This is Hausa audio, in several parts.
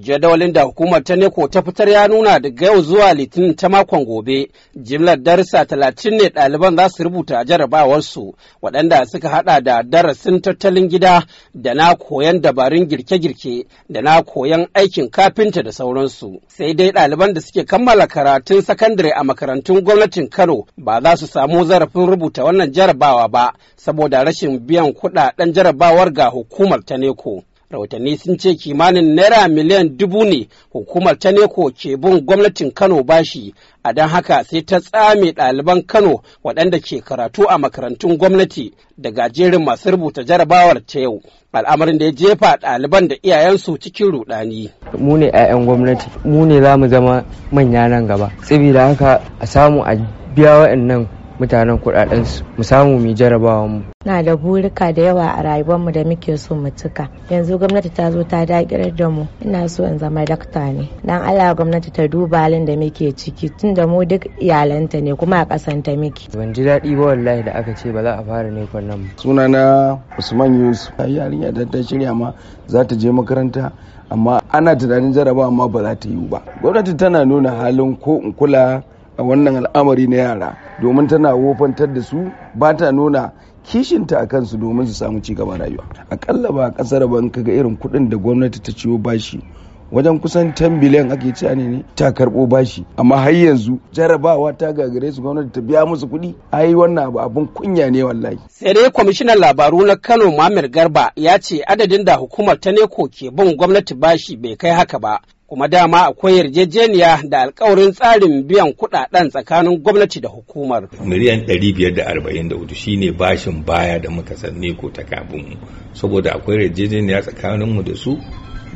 Jadawalin da hukumar ta neko ta fitar ya nuna daga yau zuwa litinin ta makon gobe jimlar darsa talatin ne ɗaliban za su rubuta a jarabawarsu waɗanda suka haɗa da darasin tattalin gida da na koyan dabarun girke-girke da na koyan aikin kafinta da sauransu sai dai ɗaliban da suke kammala karatun sakandare a makarantun gwamnatin kano ba za su samu zarafin rubuta wannan jarabawa ba saboda rashin biyan kuɗaɗen jarabawar ga hukumar ta neko. rahotanni sun ce kimanin naira miliyan dubu ne hukumar ta neko ke bin gwamnatin kano bashi a don haka sai ta tsame ɗaliban kano waɗanda ke karatu a makarantun gwamnati da jerin masu rubuta jarabawar ta yau al'amarin da ya jefa ɗaliban da iyayensu cikin rudani mu ne 'ya'yan gwamnati mu ne za mu zama manya nan gaba saboda haka a samu a biya waɗannan mutanen kuɗaɗensu mu samu mu jarabawa mu. Na da burika da yawa a rayuwar mu da muke so mu cika. Yanzu gwamnati ta zo ta dakirar da mu. Ina so in zama dakta ne. Dan Allah gwamnati ta duba halin da muke ciki tunda mu duk iyalanta ne kuma a kasanta muke. Ban ji daɗi ba wallahi da aka ce ba za a fara ne nan ba. na Usman Yusuf. Yarinya da ta shirya ma za ta je makaranta amma ana tunanin jarabawa amma ba za ta yiwu ba. Gwamnati tana nuna halin ko in kula A wannan al'amari na yara domin tana wofantar da su ba ta nuna kishinta a kansu domin su samu ci gaban rayuwa akalla ba kasar ban kaga irin kuɗin da gwamnati ta ciwo bashi wajen kusan 10 biliyan ake ci ne ne ta karɓo bashi amma har yanzu jarabawa ta gagare su gwamnati ta biya musu kuɗi ai wannan abu abun kunya ne wallahi sai dai kwamishinan labaru na Kano Muhammad Garba ya ce adadin da hukumar ta neko ke bin gwamnati bashi bai kai haka ba kuma dama akwai yarjejeniya da alkawarin tsarin biyan kuɗaɗen tsakanin gwamnati da hukumar. Miliyan da arba'in 544 shine bashin baya da muka sanne ko ta mu saboda akwai yarjejeniya tsakaninmu da su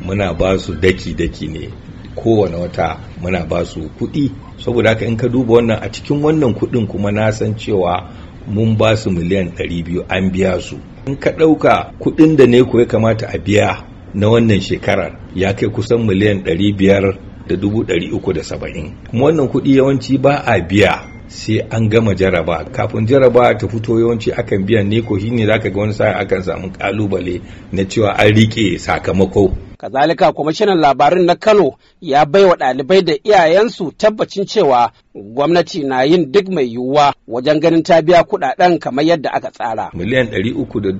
muna ba su daki-daki ne kowane wata muna ba su kuɗi saboda haka in ka duba wannan a cikin wannan kuɗin kuma na san cewa mun ba su miliyan biyu, an biya su in ka ɗauka kuɗin da ne ko ya kamata a biya na wannan shekarar ya kai kusan miliyan 500,370 kuma wannan kuɗi yawanci ba a biya sai an gama jaraba kafin jaraba ta fito yawanci akan biya ne ko shine zaka ga wani sa'a akan samu kalubale na cewa an rike sakamako Kazalika kwamishinan labarin na Kano ya bai wa ɗalibai da iyayensu tabbacin cewa gwamnati na yin duk mai yiwuwa wajen ganin ta biya kuɗaɗen kamar yadda aka tsara. Miliyan ɗari uku da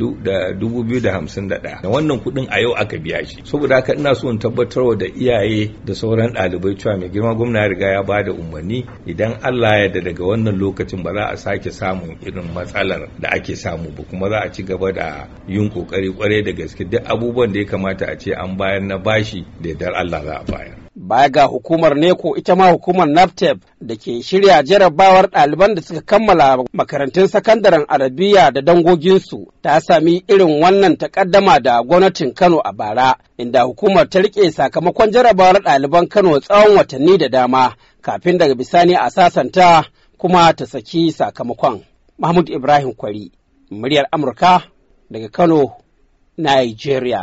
dubu biyu da hamsin da ɗaya. wannan kuɗin a yau aka biya shi. Saboda haka ina so in tabbatar da iyaye da sauran ɗalibai cewa mai girma gwamna ya riga ya ba da umarni idan Allah ya da daga wannan lokacin ba za a sake samun irin matsalar da ake samu ba kuma za a ci gaba da yin ƙoƙari kwarai da gaske duk abubuwan da ya kamata a ce an ba Bayan na bashi da yardar Allah za a bayar. Baya ga hukumar NECO ita ma hukumar NAPTEP da ke shirya jarabawar ɗaliban da suka kammala makarantun sakandaren Arabiya da dangoginsu ta sami irin wannan takaddama da gwamnatin Kano a bara, inda hukumar ta riƙe sakamakon jarabawar ɗaliban Kano tsawon watanni da dama kafin daga bisani a sasanta kuma ta saki sakamakon. Mahmud Ibrahim Kwari, muryar Amurka daga Kano, Nigeria.